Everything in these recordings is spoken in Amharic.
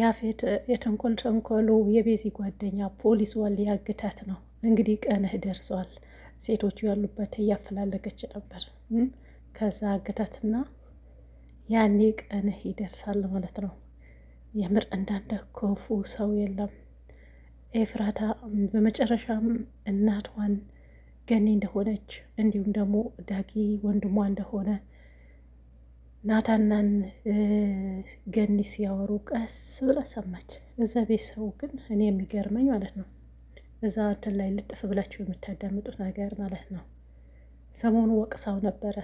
ያፌት የተንኮል ተንኮሉ የቤዚ ጓደኛ ፖሊስ ዋል ያግታት ነው። እንግዲህ ቀንህ ደርሷል። ሴቶቹ ያሉበት እያፈላለገች ነበር። ከዛ አግታትና ያኔ ቀንህ ይደርሳል ማለት ነው። የምር እንዳንተ ክፉ ሰው የለም። ኤፍራታ በመጨረሻም እናቷን ገኒ እንደሆነች እንዲሁም ደግሞ ዳጊ ወንድሟ እንደሆነ ናታናን ገኒ ሲያወሩ ቀስ ብላ ሰማች። እዛ ቤት ሰው ግን እኔ የሚገርመኝ ማለት ነው እዛ እንትን ላይ ልጥፍ ብላችሁ የምታዳምጡት ነገር ማለት ነው። ሰሞኑ ወቅሳው ነበረ።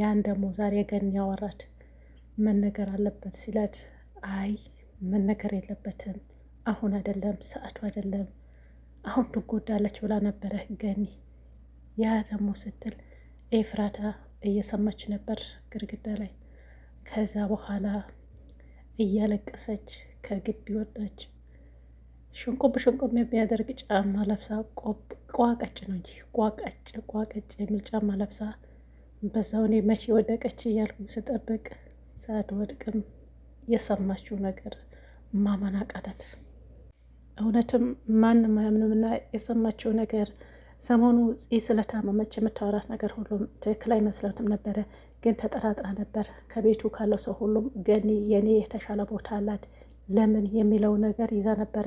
ያን ደግሞ ዛሬ ገኒ ያወራት መነገር አለበት ሲላት፣ አይ መነገር የለበትም አሁን አይደለም ሰዓቱ አይደለም አሁን ትጎዳለች ብላ ነበረ ገኒ። ያ ደግሞ ስትል ኤፍራታ እየሰማች ነበር ግድግዳ ላይ። ከዛ በኋላ እያለቀሰች ከግቢ ወጣች። ሽንቁብ ሽንቁብ የሚያደርግ ጫማ ለብሳ ቋቀጭ ነው እንጂ ቋቀጭ ቋቀጭ የሚል ጫማ ለብሳ በዛው እኔ መቼ ወደቀች እያልኩኝ ስጠብቅ ሳትወድቅም የሰማችው ነገር ማመን አቃታት። እውነትም ማንም አያምንም የሰማችው ነገር ሰሞኑ ፂ ስለታመመች የምታወራት ነገር ሁሉም ትክክል አይመስለትም ነበረ። ግን ተጠራጥራ ነበር። ከቤቱ ካለው ሰው ሁሉም ገኒ የኔ የተሻለ ቦታ አላት ለምን የሚለው ነገር ይዛ ነበረ።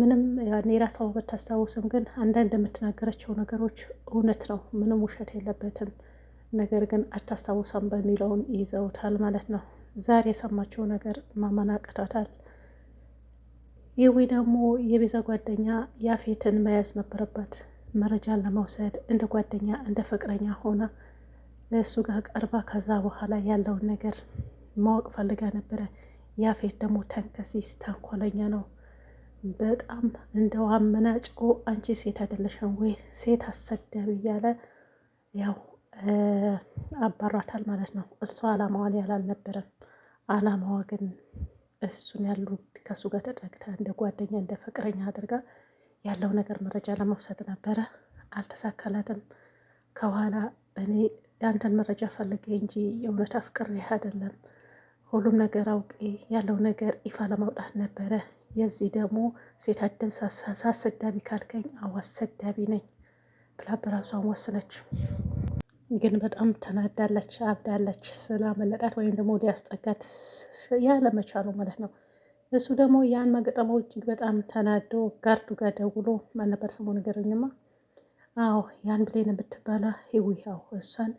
ምንም የራሷ ብታስታውስም ግን አንዳንድ የምትናገራቸው ነገሮች እውነት ነው፣ ምንም ውሸት የለበትም። ነገር ግን አታስታውሳም በሚለውን ይዘውታል ማለት ነው። ዛሬ የሰማቸው ነገር ማመን ቀታታል። ወይ ደግሞ የቤዛ ጓደኛ ያፌትን መያዝ ነበረበት መረጃን ለመውሰድ እንደ ጓደኛ እንደ ፍቅረኛ ሆና እሱ ጋር ቀርባ ከዛ በኋላ ያለውን ነገር ማወቅ ፈልጋ ነበረ። ያፌት ደግሞ ተንከሲስ ተንኮለኛ ነው በጣም እንደው አመናጭቆ አንቺ ሴት አይደለሽም ወይ ሴት አሰደብ እያለ ያው አባሯታል ማለት ነው። እሷ አላማዋን ያላልነበረም አላማዋ ግን እሱን ያሉ ከእሱ ጋር ተጠግታ እንደ ጓደኛ እንደ ፍቅረኛ አድርጋ ያለው ነገር መረጃ ለመውሰድ ነበረ። አልተሳካላትም። ከኋላ እኔ የአንተን መረጃ ፈልጌ እንጂ የእውነት አፍቅሬህ አይደለም፣ ሁሉም ነገር አውቄ ያለው ነገር ይፋ ለማውጣት ነበረ። የዚህ ደግሞ ሴታደን ሳሰዳቢ ካልከኝ አዎ አሰዳቢ ነኝ ብላ በራሷን ወስነች። ግን በጣም ተናዳለች፣ አብዳለች ስላመለጣት ወይም ደግሞ ሊያስጠጋት ያለመቻሉ ማለት ነው። እሱ ደግሞ ያን መገጠሙ እጅግ በጣም ተናዶ ጋርዱ ጋር ደውሎ ማን ስሙ ንገረኝማ። አዎ ያን ብሌን የምትባላ ህዊ ህዊያው እሷን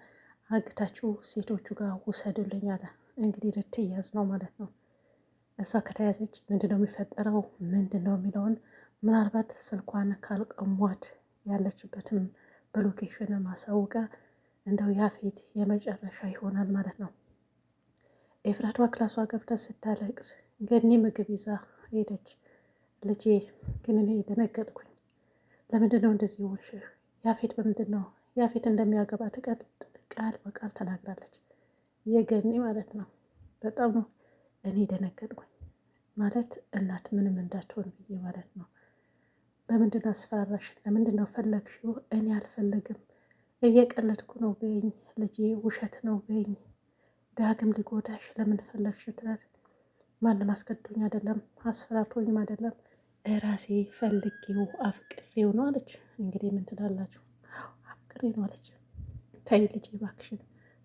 አግታችሁ ሴቶቹ ጋር ውሰዱልኝ አለ። እንግዲህ ልትያዝ ነው ማለት ነው። እሷ ከተያዘች ምንድን ነው የሚፈጠረው? ምንድን ነው የሚለውን ምናልባት ስልኳን ካልቀሟት ያለችበትም በሎኬሽን ማሳወቂያ እንደው ያፌት የመጨረሻ ይሆናል ማለት ነው። ኤፍራቷ ክላሷ ገብታ ስታለቅስ ገኒ ምግብ ይዛ ሄደች። ልጄ ግን እኔ ደነገጥኩኝ። ለምንድን ነው እንደዚህ ሆንሽ? ያፌት በምንድን ነው ያፌት እንደሚያገባ ቀጥ ቃል በቃል ተናግራለች። የገኒ ማለት ነው። በጣም ነው እኔ ደነገጥኩኝ። ማለት እናት ምንም እንዳትሆን ብዬ ማለት ነው። በምንድን ነው አስፈራራሽ? ለምንድን ነው ፈለግሽው? እኔ አልፈለግም እየቀለድኩ ነው በይኝ ልጄ፣ ውሸት ነው በይኝ፣ ዳግም ሊጎዳሽ ለምን ፈለግሽ ትላት። ማንም አስገድዶኝ አይደለም አስፈራቶኝም አይደለም እራሴ ፈልጌው አፍቅሬው ነው አለች። እንግዲህ ምን ትላላችሁ? አፍቅሬ ነው አለች። ተይ ልጄ እባክሽን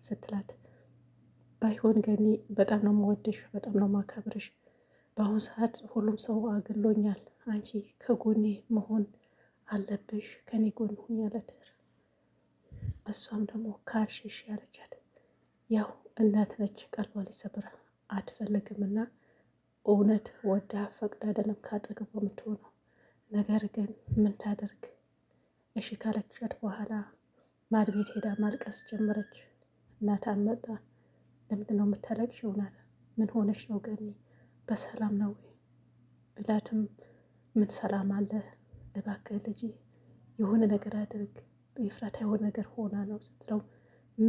ስትላት ባይሆን ገኒ በጣም ነው መወደሽ በጣም ነው ማከብርሽ። በአሁኑ ሰዓት ሁሉም ሰው አግሎኛል። አንቺ ከጎኔ መሆን አለብሽ፣ ከኔ ጎን ሁኝ አለት እሷም ደግሞ ካልሽሽ ያለቻት ያው እናት ነች፣ ቀልቧ ሊሰብር አትፈልግም እና እውነት ወዳ ፈቅድ አይደለም ካጠገቧ የምትሆነው ነገር ግን ምን ታደርግ እሺ ካለቻት በኋላ ማድቤት ሄዳ ማልቀስ ጀመረች። እናት መጣ። ለምንድን ነው የምታለቅሽው? ናት ምን ሆነች ነው ገኒ በሰላም ነው ወይ ብላትም ምን ሰላም አለ እባክህ ልጅ የሆነ ነገር አድርግ ኤፍራታ የሆነ ነገር ሆና ነው ስትለው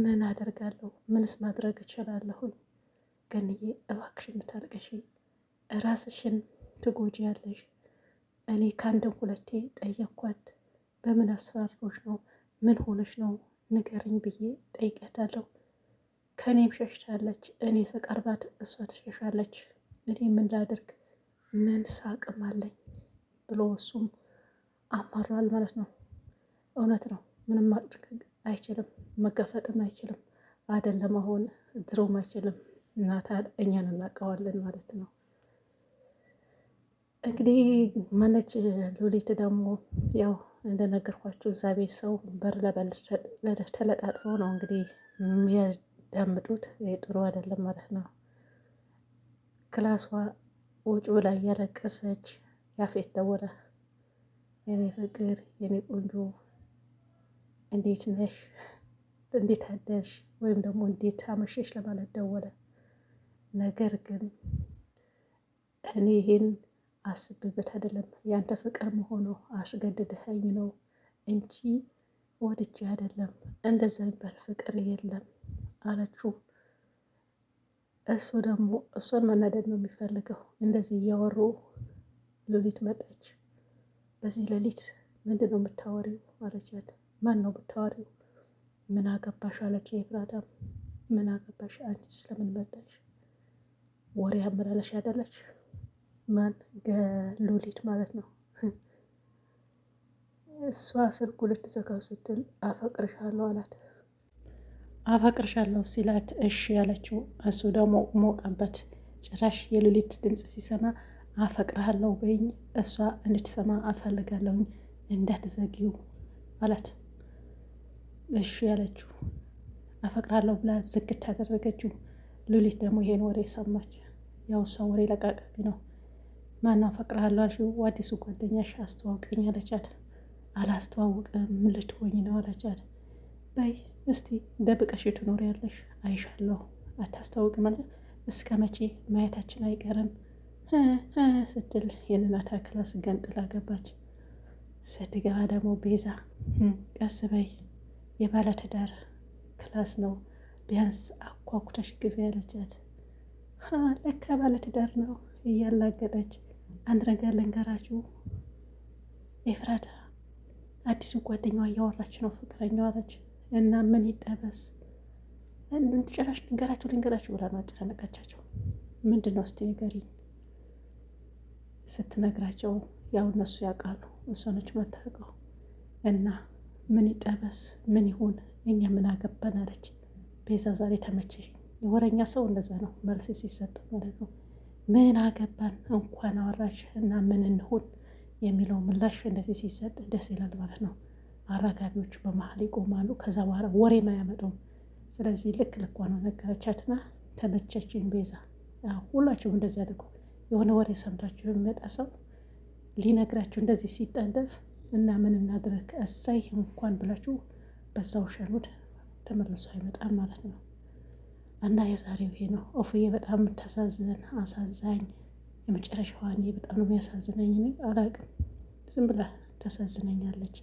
ምን አደርጋለሁ? ምንስ ማድረግ እችላለሁኝ? ገንዬ እባክሽን ታልቀሽ ራስሽን ያለሽ። እኔ ከአንድም ሁለቴ ጠየኳት። በምን አስፈራሮች ነው? ምን ሆነች ነው? ንገርኝ ብዬ ጠይቀታለሁ። ከእኔም ሸሽታለች። እኔ ስቀርባት እሷ ትሸሻለች። እኔ ምን ላድርግ? ምን ሳቅም አለኝ ብሎ እሱም አማሯል ማለት ነው። እውነት ነው ምንም ማድረግ አይችልም፣ መጋፈጥም አይችልም፣ አይደለም አሁን ድሮም አይችልም። እናታ እኛን እናውቀዋለን ማለት ነው። እንግዲህ መነች ሉሊት ደግሞ ያው እንደነገርኳችሁ እዛ ቤት ሰው በር ተለጣጥፈው ነው እንግዲህ የሚያዳምጡት። ጥሩ አይደለም ማለት ነው። ክላሷ ውጭ ላይ እያለቀሰች ያፌት ደወለ። የኔ ፍቅር የኔ ቆንጆ እንዴት ነሽ፣ እንዴት አደርሽ ወይም ደግሞ እንዴት አመሸሽ ለማለት ደወለ። ነገር ግን እኔ ይህን አስብበት አይደለም ያንተ ፍቅር መሆኑ አስገድደኸኝ ነው እንጂ ወድጄ አይደለም። እንደዛ የሚባል ፍቅር የለም አለችው። እሱ ደግሞ እሷን መናደድ ነው የሚፈልገው። እንደዚህ እያወሩ ሉሊት መጣች። በዚህ ሌሊት ምንድን ነው የምታወሪው? አለቻት። ማን ነው ብታወሪው? ምን አገባሽ አለች ኤፍራታ። ምን አገባሽ አንቺ ስለምን መጣሽ? ወሬ አመላለሽ ያደለች ማን ገሉሊት ማለት ነው። እሷ ስልኩ ልትዘጋው ስትል አፈቅርሻለሁ አላት። አፈቅርሻለሁ ሲላት እሺ ያለችው እሱ ደግሞ ሞቀበት። ጭራሽ የሉሊት ድምፅ ሲሰማ አፈቅርሃለሁ በይኝ፣ እሷ እንድትሰማ አፈልጋለሁኝ፣ እንዳትዘጊው አላት። እሺ ያለችው አፈቅራለሁ ብላ ዝግት ያደረገችው ሉሊት ደግሞ ይሄን ወሬ ሰማች። ያው እሷ ወሬ ለቃቃሚ ነው። ማነው አፈቅራለሁ አልሽው አዲሱ ጓደኛሽ አስተዋውቀኝ አለቻት። አላስተዋውቅም ምን ልትሆኝ ነው አለቻት። በይ እስቲ ደብቀሽ ያለሽ አይሻለሁ አታስተዋውቅም አለ እስከ መቼ ማየታችን አይቀርም ስትል የነናታ ክላስ ገንጥላ ገባች። ስትገባ ደግሞ ቤዛ ቀስ በይ የባለትዳር ክላስ ነው ቢያንስ አኳኩተሽ ግቢ ያለቻት። ለካ ባለትዳር ነው እያላገጠች። አንድ ነገር ልንገራችሁ፣ ኤፍራታ አዲሱ ጓደኛዋ እያወራች ነው ፍቅረኛዋ አለች። እና ምን ይጠበስ ጭራሽ ልንገራችሁ ልንገራችሁ ብላ ነው አጨናነቃቻቸው። ምንድን ነው እስቲ ንገሪኝ ስትነግራቸው ያው እነሱ ያውቃሉ፣ እሷ ነች እና ምን ይጠበስ ምን ይሁን እኛ ምን አገባን አለች ቤዛ። ዛሬ ተመቸኝ። ወረኛ ሰው እንደዛ ነው መልስ ሲሰጥ ማለት ነው። ምን አገባን እንኳን አወራሽ እና ምን እንሁን የሚለው ምላሽ እንደዚህ ሲሰጥ ደስ ይላል ማለት ነው። አራጋቢዎቹ በመሀል ይቆማሉ። ከዛ በኋላ ወሬ ማያመጡም። ስለዚህ ልክ ልኳ ነው ነገረቻትና ተመቸችኝ ቤዛ። ሁላችሁም እንደዚህ አድርጎ የሆነ ወሬ ሰምታችሁ የሚመጣ ሰው ሊነግራችሁ እንደዚህ ሲጠንደፍ እና ምን እናድረግ እሰይ እንኳን ብላችሁ በዛው ሸኑድ ተመልሶ አይመጣም ማለት ነው። እና የዛሬው ይሄ ነው። እፉዬ በጣም የምታሳዝን አሳዛኝ፣ የመጨረሻዋ እኔ በጣም ነው የሚያሳዝነኝ። እኔ አላቅም ዝም ብላ ተሳዝነኛለች።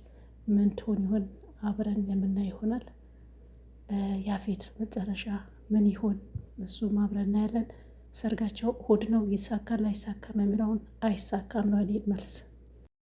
ምን ትሆን ይሆን አብረን የምናይ ይሆናል። ያፌት መጨረሻ ምን ይሆን እሱም አብረን እናያለን። ሰርጋቸው እሑድ ነው። ይሳካል አይሳካም የሚለውን አይሳካም ነው እኔ መልስ